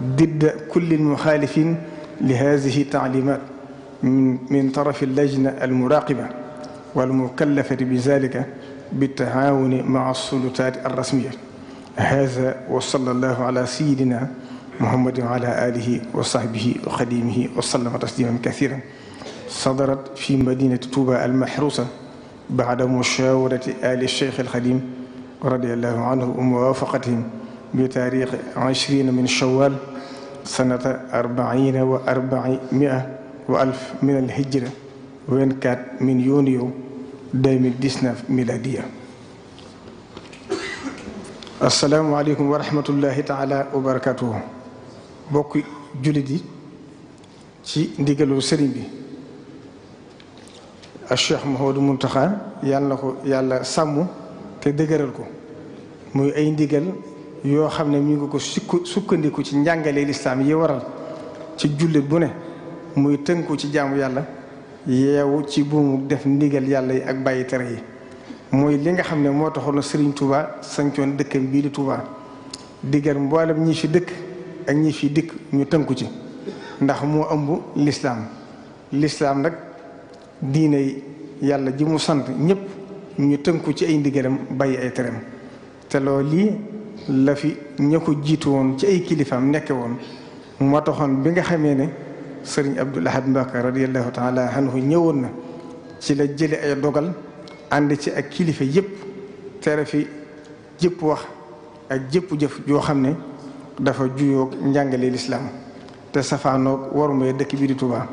ضد كل المخالفين لهذه التعليمات من طرف اللجنة المراقبة والمكلفة بذلك بالتعاون مع السلطات الرسمية هذا وصلى الله على سيدنا محمد وعلى آله وصحبه وخديمه وسلم تسليما كثيرا صدرت في مدينة توبة المحروسة بعد مشاورة آل الشيخ الخديم رضي الله عنه وموافقتهم بتاريخ عشرين من شوال سنة أربعين وأربعمائة وألف من الهجرة 24 millions 2019 miladiya asalaamaaleykum wa rahmatullahi taala wa barakatuhu bokk jullit yi ci ndigalu sëriñ bi ak Cheikh Mouhamadou Mountakha yàlla ko yàlla sàmm te dëgëral ko muy ay ndigal yoo xam ne mu ngi ko sukk sukkandiku ci njàngale lislaam yi waral ci jullit bu ne muy tënku ci jaamu yàlla yeewu ci buumu def ndigal yàlla yi ak bàyyi tere yi mooy li nga xam ne moo taxoon na Serigne Touba sancoon dëkkam bii di Touba diggal mboolem ñi fi dëkk ak ñi fi dikk ñu tënku ci ndax moo ëmb lislaam lislaam nag diine yàlla ji mu sant ñëpp ñu tënku ci ay ndigalam bàyyi ay tereem te loo lii la fi ña ko jiitu woon ci ay kilifaam nekke woon moo taxoon bi nga xamee ne sëriñ Abdoul Ahad Mbacké radiallahu taala anhu ñëwoon na ci la jële ay dogal ànd ci ak kilifa yëpp tere fi jëpp wax ak jëpp jëf joo xam ne dafa juyoog njàngale lislaam te safaanoog warumee dëkk bi di Touba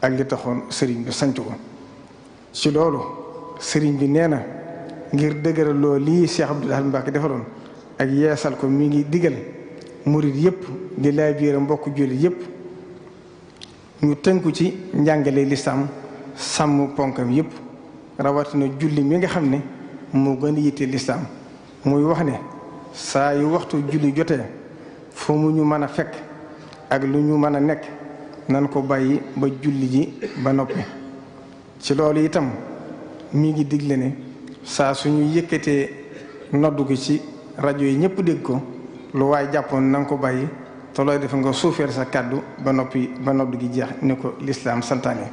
ak li taxoon sëriñ bi sanc ko ci loolu sëriñ bi nee na ngir dëgëral loo lii Cheikh Abdoul Ahad Mbacké defaloon ak yeesal ko mi ngi digal murit yëpp di laaj biir mbokk jullit yëpp ñu tënku ci njàngale lislaam sàmm ponkam yépp rawatina julli mi nga xam ne moo gën a yitte lislaam muy wax ne saa yu waxtu julli jotee fu mu ñu mën a fekk ak lu ñu mën a nekk nan ko bàyyi ba julli ji ba noppi ci loolu itam mi ngi digle ne saa suñu yëkkatee noddu gi ci rajo yi ñépp dégg ko lu waay jàppoon nan ko bàyyi te looy def nga suufeel sa kàddu ba noppi ba noppi gi jeex ni ko lislaam santaane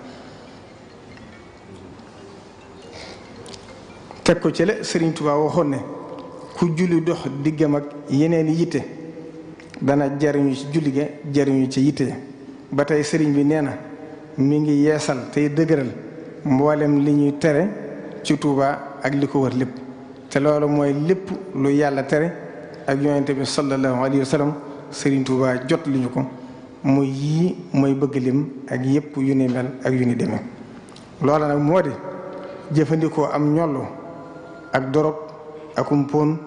teg ko ci la Sëriñ Tuubaa waxoon ne ku julli dox diggam ak yeneen yitte dana jariñu ci julli ga jariñu ci yitte ba tey sëriñ bi nee na mi ngi yeesal tey dëgëral mboolem li ñuy tere ci Tuubaa ak li ko wër lépp te loolu mooy lépp lu yàlla tere ak yonente bi sallallahu alayhi wa sëriñ Touba jot li ñu ko muy yii mooy bëgg lim ak yëpp yu ni mel ak yu ni demee loola nag moo di jëfandikoo am ñollu ak dorog ak umpon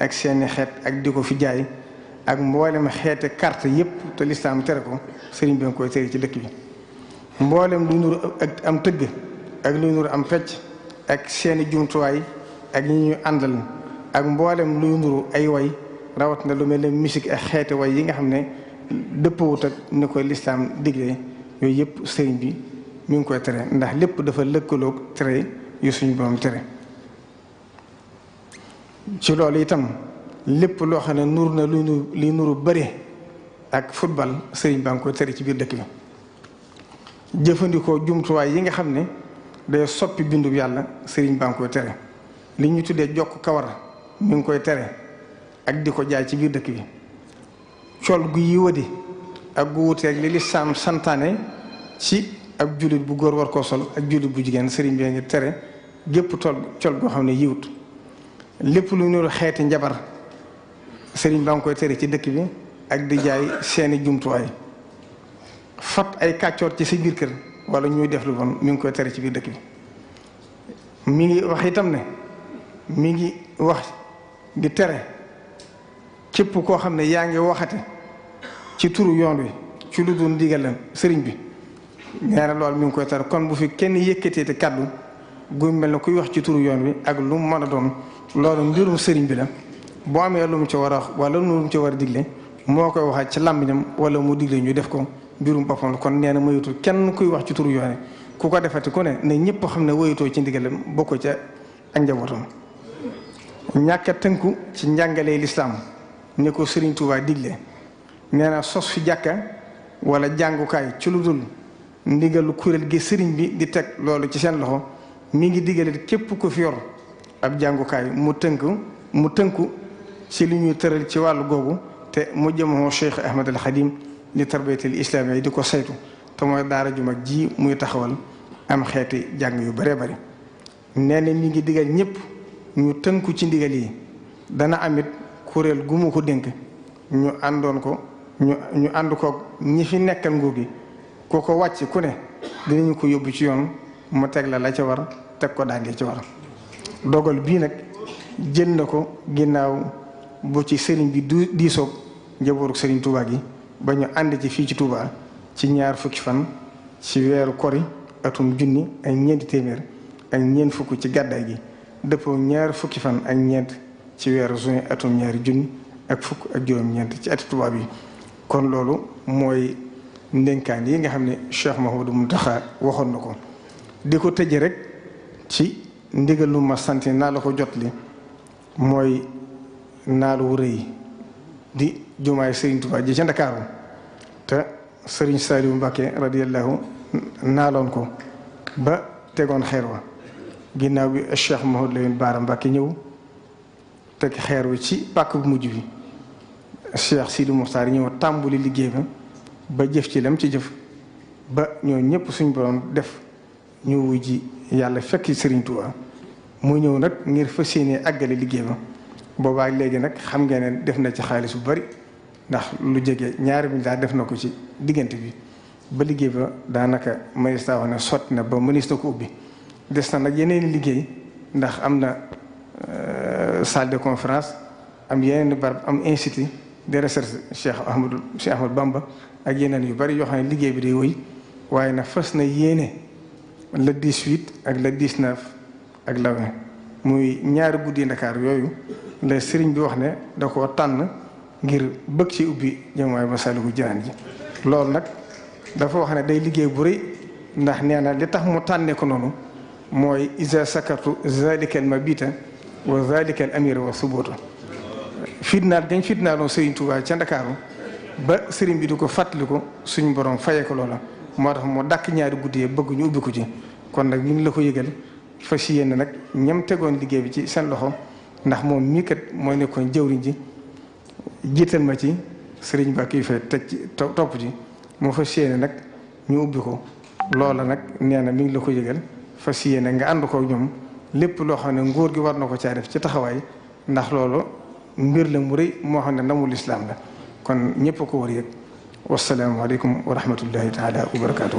ak seeni xeet ak di ko fi jaay ak mboolem xeete carte yëpp te lislaam tere ko sëriñ bi koy tere ci dëkk bi mboolem lu nuru ak am tëgg ak lu nuru am fecc ak seeni jumtuwaay ak ñi ñu àndal ak mboolem luy nuru ay way rawat na lu mel ni musique ay xeeti way yi nga xam ne dëppawut ak ni koy lislaam digle yooyu yëpp sëriñ bi mi ngi koy tere ndax lépp dafa lëkkaloog tere yu suñu borom tere ci loolu itam lépp loo xam ne nur na lu li nuru bëre ak football sëriñ baa ngi koy tere ci biir dëkk bi jëfandikoo jumtuwaay yi nga xam ne day soppi bindu yàlla sëriñ baa ngi koy tere li ñu tuddee jokk kawar mi ngi koy tere ak di ko jaay ci biir dëkk bi col gu yiwadi ak gu wuteeg li lislaam santaane ci ak jullit bu góor war koo sol ak jullit bu jigéen sëriñ bi ngi tere gépp tol col goo xam ne yiwut lépp lu nuru xeeti njabar sëriñ baa ngi koy tere ci dëkk bi ak di jaay seeni jumtuwaay fat ay kàccoor ci sa biir kër wala ñuy def lu bon mi ngi koy tere ci biir dëkk bi mi ngi wax itam ne mi ngi wax di tere képp koo xam ne yaa ngi waxate ci turu yoon wi ci lu dul ndigalam sëriñ bi nee loolu mu ngi koy tar kon bu fi kenn yëkkatee te kàddu gu mel ne kuy wax ci turu yoon wi ak lu mu mën a doon loolu mbirum sëriñ bi la boo amee lu mu ci war a wax wala mu ci war a digle moo koy waxee ci làmmiñam wala mu digle ñu def ko mbirum boppam kon nee na mayatul kenn kuy wax ci turu yoon wi ku ko defati ku ne ne ñëpp xam ne wayatoo ci ndigalam bokk ca ak njabootam tënku ci njàngale lislaam ni ko Serigne Touba digle nee na sos fi jàkka wala jàngukaay ci lu dul ndigalu kuréel gi sëriñ bi di teg loolu ci seen loxo mi ngi digale képp ku fi yor ab jàngukaay mu tënku mu tënku ci li ñuy tëral ci wàllu googu te mu jëmoo Cheikh Ahmed Al Khadim li tarbiyatil islam yi di ko saytu te mooy daara ju mag ji muy taxawal am xeeti jàng yu bare bari nee na mi ngi digal ñëpp ñu tënku ci ndigal yi dana amit kuréel gu ko dénk ñu àndoon ko ñu ñu ànd ko ñi fi nekkal nguur gi ku ko wàcc ku ne dinañu ko yóbbu ci yoon mu teg la la ca war teg ko daal ci war dogal bii nag jël na ko ginnaaw bu ci sëriñ bi du diisoog njabootu sëriñ Touba gi ba ñu ànd ci fii ci Touba ci ñaar fukki fan ci weeru kori atum junni ak ñeenti téeméer ak ñeent fukk ci gàddaay gi dëppoo ñaar fukki fan ak ñeent. ci weeru juin atum ñaari junni ak fukk ak juróom-ñeent ci ati tubaab yi kon loolu mooy ndénkaan yi nga xam ne Cheikh mu Mountakha waxoon na ko di ko tëje rek ci ndigal lu ma sant naa ko jot li mooy naalu wu rëy di jumaay Serigne Touba ji ca Ndakaaru te Serigne Saliou Mbacké radiyallahu naaloon ko ba tegoon xeer wa ginnaaw bi Cheikh Mouhamadou Lamine Bara Mbacké ñëw teg xeer wi ci pàkk bu mujj bi Cheikh Sidi Mokhtar ñëw tàmbuli liggéey ba ba jëf ci lam ci jëf ba ñoo ñëpp suñ borom def ñu wuy ji yàlla fekk Serigne Touba mu ñëw nag ngir fas yéenee àggale liggéey ba boobaa léegi nag xam nga ne def na ci xaalis bu bari ndax lu jege ñaari milliards def na ko ci diggante bi ba liggéey ba daanaka magistrat wax ne sotti na ba ministre ko ubbi des na nag yeneen liggéey ndax am na salle de conférence am yeneen barab am institut de recherche Cheikh Ahmadou Cheikh Ahmadou Bamba ak yeneen yu bari yoo xam ne liggéey bi day wëy waaye nag fas na yéene le 18 ak le 19 ak le 20 muy ñaari guddi Ndakaar yooyu la sëriñ bi wax ne da koo tànn ngir bëgg ci ubbi jamaay Masaalikul Jinaan ji loolu nag dafa wax ne day liggéey bu rëy ndax nee na li tax mu tànnee ko noonu mooy is isa sakatu zalikal mabita wa zalika al amir wa subuutu fitnaal dañ fitnaaloon Serigne Touba ca Ndakaaru ba Serigne bi di ko fàttali ko suñ borom faye ko loola moo tax moo dàkk ñaari guddi yee bëgg ñu ubbi ko ci kon nag ñu ngi la ko yëgal fas yéene nag ñam tegoon liggéey bi ci seen loxo ndax moom mii kat mooy nekkoon jëwriñ ji jiital ma ci Serigne Ba kii fay teg ci topp ji moo fas yéene nag ñu ubbi ko loola nag nee na mi ngi la ko yëgal fas yéene nga ànd ko ñoom. lépp loo xam ne nguur gi war na ko caa def ci taxawaay ndax loolu mbir la mu rëy moo xam ne ndamul islaam la kon ñëpp ko war yëg wasalaamaaleykum wa rahmatullahi taala wa barakaatu.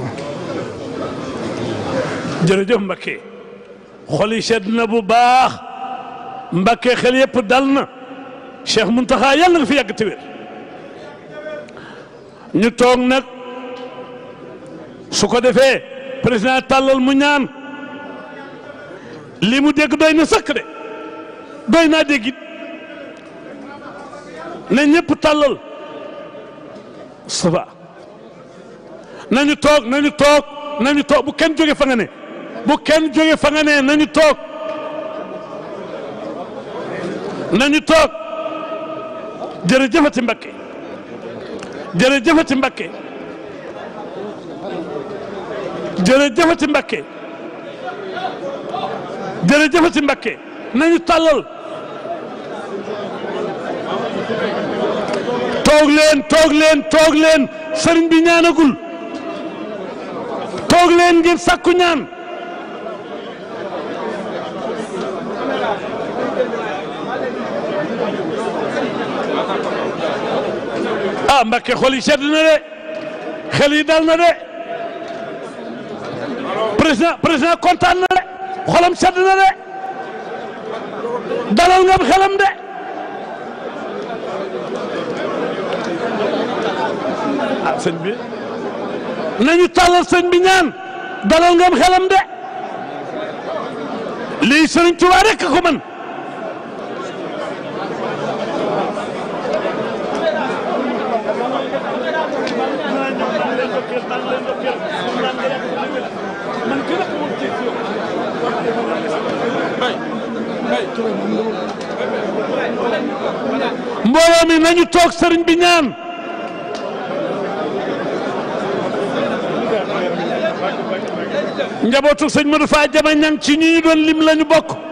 jërëjëf Mbakke xol yi sedd na bu baax Mbakke xel yëpp dal na Cheikh Muntaxa yàlla nga fi yàgg te wér ñu toog nag su ko defee président tàllal mu ñaan. lii mu dégg doy na sëkk de doy naa dégg it na ñëpp tàllal saba nañu toog nañu toog nañu toog bu kenn jóge fanga ne bu kenn jóge fa nga ne nañu toog nañu toog jërëjëfati Mbakke jërëjëfati Mbakke jërëjëfati Mbakke ci Mbakke nañu tàllal toog leen toog leen toog leen sëriñ bi ñaanagul toog leen ngir sakku ñaan ah Mbakke xol yi na de xel yi dal na de président président kontaan na xolam sedd na de dalal nga xelam de ah, sëñ bi nañu tàllal sëñ bi ñaan dalal nga xelam de lii sëriñ Tuubaa rekk mbooloo mi nañu toog sëriñ bi ñaan njabootu sëñ Modou Faye Jama ñang ci ñi ñu doon lim lañu bokk